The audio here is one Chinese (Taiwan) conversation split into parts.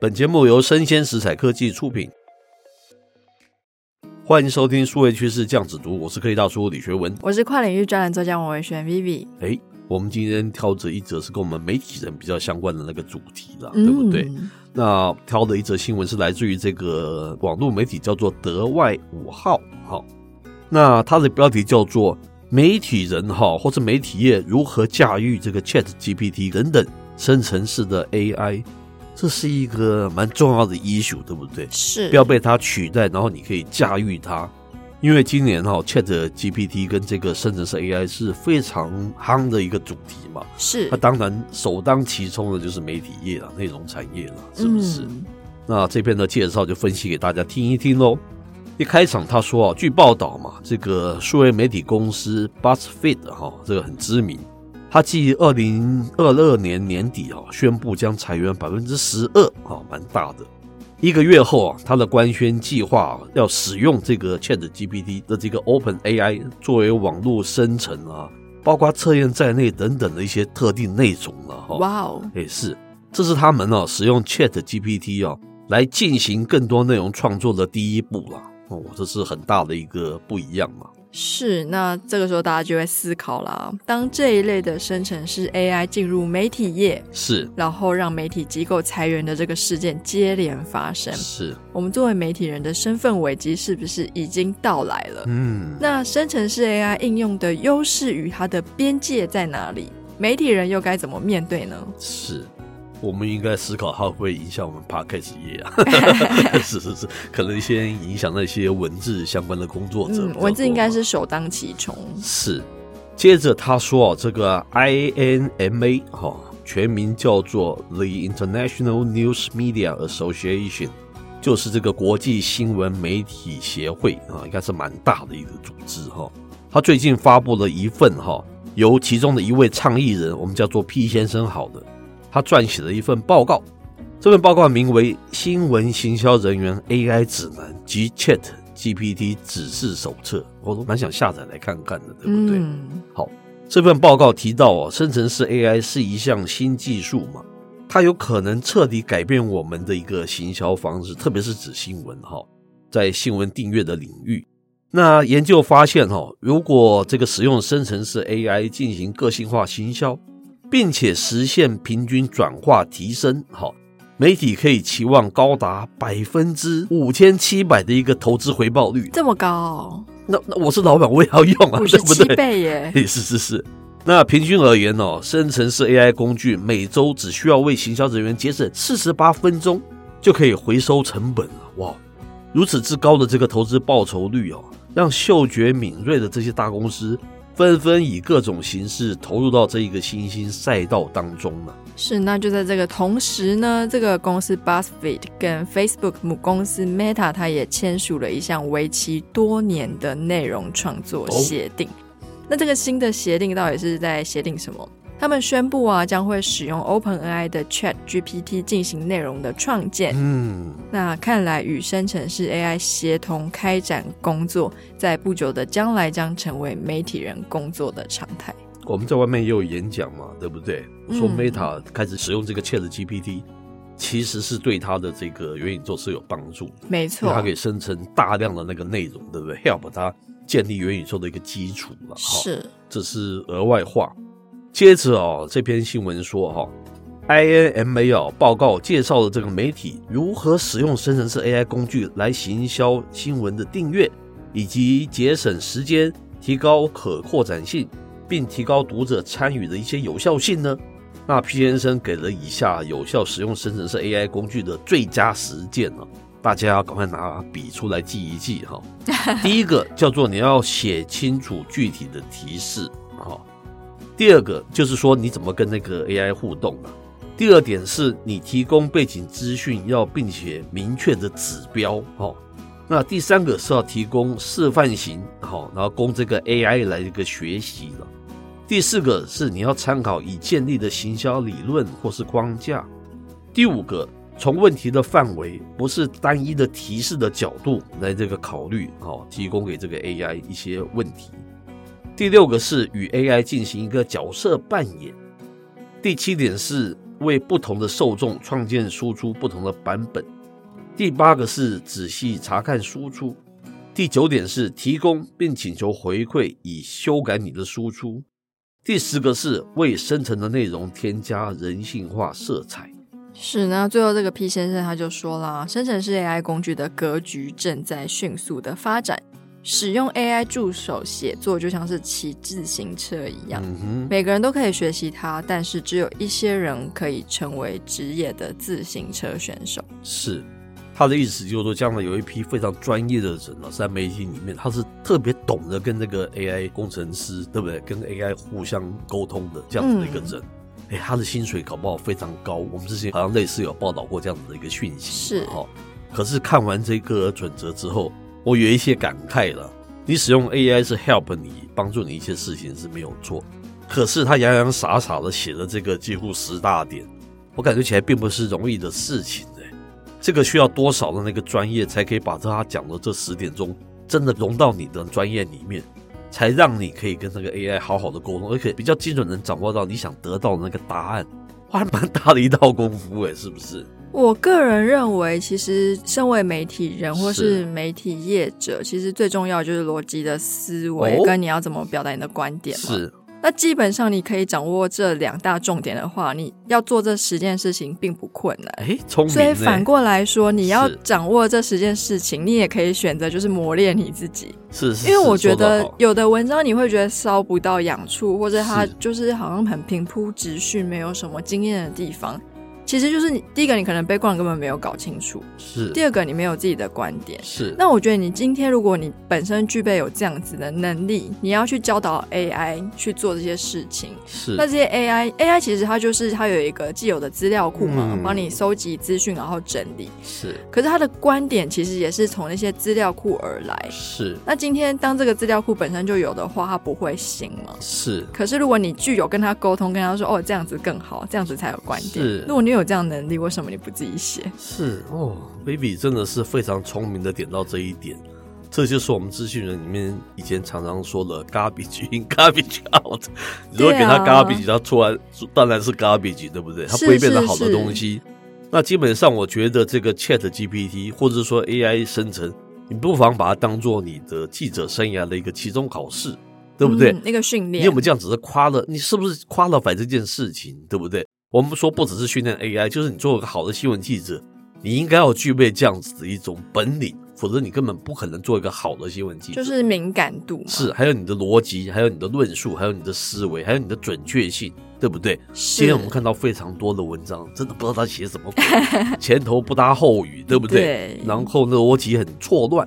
本節目由聲鮮時采科技出品，歡迎收聽數位趨勢醬子讀，我是科技大叔李學文，我是跨領域專欄作家王維軒 Vivi。我們今天挑着一則是跟我們媒體人比較相關的那個主題啦，嗯、對不對？那挑的一則新聞是來自於這個廣度媒體叫做德外五號、哦，那它的標題叫做“媒體人哈、哦、或者媒體業如何駕馭這個 Chat GPT 等等生成式的 AI”。這是一個蠻重要的 issue，對不對？是，不要被它取代，然後你可以駕馭它。因為今年哈、哦、ChatGPT 跟這個生成式 AI 是非常夯的一個主題嘛。是，那當然首當其衝的就是媒體業了，內容產業了，是不是？嗯、那這邊的介紹就分析給大家聽一聽嘍。一開場他說啊、哦，據報道嘛，這個數位媒體公司 BuzzFeed 哈、哦，這個很知名。他繼二零二二年年底啊，宣布將裁員百分之十二啊，蠻大的。一個月後啊，他的官宣計劃要使用這個 ChatGPT 的這個 OpenAI 作為網絡生成啊，包括測驗在內等等的一些特定內容了。哈，哇哦，也是，這是他們哦使用 ChatGPT 啊，來進行更多內容創作的第一步了。哦，這是很大的一個不一樣啊。是，那這個時候大家就會思考啦，當這一類的生成式 AI 進入媒體業，是，然後讓媒體機構裁員的這個事件接連發生，是，我們作為媒體人的身份危機是不是已經到來了？嗯，那生成式 AI 應用的優勢與它的邊界在哪裡？媒體人又該怎麼面對呢？是。我們應該思考它會不會影響我們 podcast 業啊？ 是是是，可能先影響那些文字相關的工作者。 嗯，文字應該是首當其衝。是，接着他說啊，這個 I N M A 哈，全名叫做 The International News Media Association，就是這個國際新聞媒體協會啊，應該是蠻大的一個組織哈。他最近發布了一份哈，由其中的一位倡議人，我們叫做 P 先生，好的。他撰寫了一份報告，這份報告名為《新聞行銷人員 AI 指南及 ChatGPT 指示手冊》，我都蠻想下載來看看的，對不對？嗯、好，這份報告提到哦，生成式 AI 是一項新技術嘛，它有可能徹底改變我們的一個行銷方式，特別是指新聞哈、哦，在新聞訂閱的領域。那研究發現哈、哦，如果這個使用生成式 AI 進行個性化行銷。並且實現平均轉化提升，好，媒體可以期望高達百分之五千七百的一個投資回報率，這麼高、哦？那那我是老闆，我也要用啊，對不對？五十七倍耶，是是是。那平均而言、哦、生成式 AI 工具每週只需要為行銷人員節省四十八分鐘，就可以回收成本了。哇，如此之高的這個投資報酬率啊、哦，讓嗅覺敏銳的這些大公司。紛紛以各種形式投入到這一個新興賽道當中呢。是，那就在這個同時呢，這個公司 BuzzFeed 跟 Facebook 母公司 Meta 他也簽署了一項為期多年的內容創作協定。哦。那這個新的協定到底是在協定什麼？他們宣布啊，將會使用 OpenAI 的 ChatGPT 進行內容的創建。嗯，那看來與生成式 AI 協同開展工作，在不久的將來將成為媒體人工作的常態。我們在外面也有演講嘛，對不對？嗯、說 Meta 開始使用這個 ChatGPT，其實是對它的這個元宇宙是有幫助。沒錯錯，它可以生成大量的那個內容，對不對？Help 它建立元宇宙的一個基礎了。是好，這是額外話。接着哦，這篇新聞說哈、哦、INMA、哦、報告介紹了這個媒體如何使用生成式 AI 工具來行銷新聞的訂閱，以及節省時間、提高可擴展性，並提高讀者參與的一些有效性呢？那 P 先生給了以下有效使用生成式 AI 工具的最佳實踐哦，大家要趕快拿筆出來記一記哈、哦。 第一個叫做你要寫清楚具體的提示。第二個就是說你怎麼跟那個 AI 互動了啊？第二點是你提供背景資訊，要並且明確的指標哦。那第三個是要提供示範型哦，然後供這個 AI 來一個學習了。第四個是你要參考已建立的行銷理論或是框架。第五個從問題的範圍，不是單一的提示的角度來這個考慮哦，提供給這個 AI 一些問題。第六個是與 AI 進行一個角色扮演，第七點是為不同的受眾創建輸出不同的版本，第八個是仔細查看輸出，第九點是提供並請求回饋以修改你的輸出，第十個是為生成的內容添加人性化色彩。是呢，最後這個 P 先生他就說了，生成式 AI 工具的格局正在迅速的發展。使用 AI 助手寫作就像是騎自行車一樣，嗯哼，每個人都可以學習它，但是只有一些人可以成為職業的自行車選手。是，他的意思就是說，將來有一批非常專業的人呢，在媒體裡面，他是特別懂得跟這個 AI 工程師，對不對？跟 AI 互相溝通的這樣子的一個人，哎，嗯，欸，他的薪水搞不好非常高。我們之前好像類似有報道過這樣子的一個訊息，是，哦。可是看完這個準則之後，我有一些感慨了。你使用 AI 是 help 你，幫助你一些事情是沒有錯，可是他洋洋灑灑的寫了這個幾乎十大點，我感覺起來並不是容易的事情哎、欸。這個需要多少的那個專業才可以把他講的這十點鐘真的融到你的專業裡面，才讓你可以跟那個 AI 好好的溝通，而且比較精準能掌握到你想得到的那個答案，還蠻大的一道功夫誒、欸，是不是？我個人認為，其實身為媒體人或是媒體業者，是其實最重要就是邏輯的思維跟你要怎麼表達你的觀點嘛、哦。是，那基本上你可以掌握這兩大重點的話，你要做這十件事情並不困難。欸、聰明。所以反過來說，你要掌握這十件事情，是你也可以選擇就是磨練你自己。是，是，因為我覺得有的文章你會覺得燒不到癢處，或者它就是好像很平鋪直敘，沒有什麼驚艷的地方。其實就是你第一個，你可能被灌根本沒有搞清楚；是第二個，你沒有自己的觀點；是那我覺得你今天如果你本身具備有這樣子的能力，你要去教導 AI 去做這些事情；是那這些 AI，AI AI 其實它就是它有一個既有的資料庫嘛，幫、嗯、你蒐集資訊然後整理；是可是它的觀點其實也是從那些資料庫而來；是那今天當這個資料庫本身就有的話，它不會行嗎？是可是如果你具有跟它溝通，跟它說哦這樣子更好，這樣子才有觀點；是如果你。有這樣能力，為什麼你不自己寫？是哦，Baby 真的是非常聰明的點到這一點，這就是我們資訊人裡面以前常常說的 “garbage in, garbage out”。 你如果給他 garbage，、啊、他出來當然是 garbage，對不對？是他不會變得好的東西。那基本上，我覺得這個 ChatGPT 或者說 AI 生成，你不妨把它當做你的記者生涯的一個期中考試，對不對？那、嗯、個訓練，你有沒有這樣子的誇了？你是不是誇了白這件事情，對不對？我們說不只是訓練 AI，就是你做一個好的新聞記者，你應該要具備這樣子的一種本領，否則你根本不可能做一個好的新聞記者。就是敏感度。是，還有你的邏輯，還有你的論述，還有你的思維，還有你的準確性，對不對？是今天我們看到非常多的文章，真的不知道他寫什麼， 前頭不搭後語，對不對？對。然後那個邏輯很錯亂。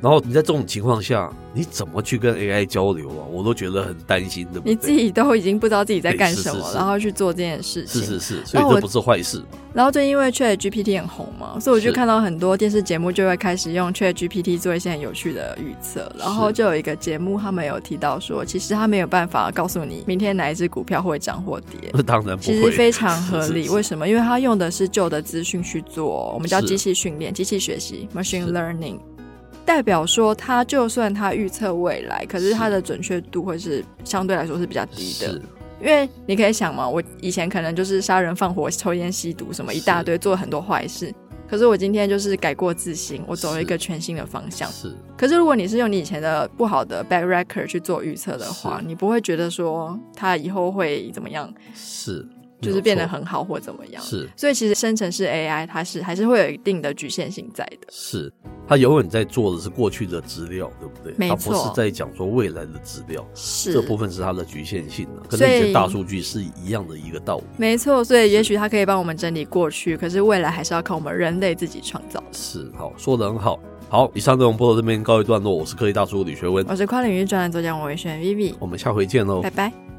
然後你在這種情況下，你怎麼去跟 AI 交流啊？我都覺得很擔心的。對對，你自己都已經不知道自己在幹什麼，欸、是是是然後去做這件事情，是是是，所以這不是壞事嘛？然後就因為 ChatGPT 很紅嘛，所以我就看到很多電視節目就會開始用 ChatGPT 做一些很有趣的預測。然後就有一個節目，他們有提到說，其實他沒有辦法告訴你明天哪一只股票會漲或跌。那當然不會，其實非常合理。是是是，為什麼？因為他用的是舊的資訊去做、哦，我們叫機器訓練、是機器學習 （machine learning）。代表說，他就算他預測未來，可是他的準確度會是相對來說是比較低的。是因為你可以想嘛，我以前可能就是殺人放火、抽煙吸毒什麼一大堆，做了很多壞事。是，可是我今天就是改過自新，我走了一個全新的方向。是。可是如果你是用你以前的不好的 bad record 去做預測的話，是你不會覺得說他以後會怎麼樣？是，就是變得很好或怎麼樣？是。所以其實生成式 AI 它是還是會有一定的局限性在的。是。他永遠在做的是過去的資料，對不對？沒錯，他不是在講說未來的資料，是這部分是它的局限性的啊。跟那些大數據是一樣的一個道理。沒錯，所以也許它可以幫我們整理過去，是可是未來還是要靠我們人類自己創造。是，好，說得很好。好，以上內容播到這邊告一段落。我是科技大叔李學文，我是跨領域專欄作家魏軒 Vivi，我們下回見嘍，拜拜。